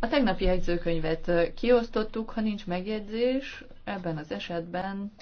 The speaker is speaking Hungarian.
A tegnapi jegyzőkönyvet kiosztottuk, ha nincs megjegyzés, ebben az esetben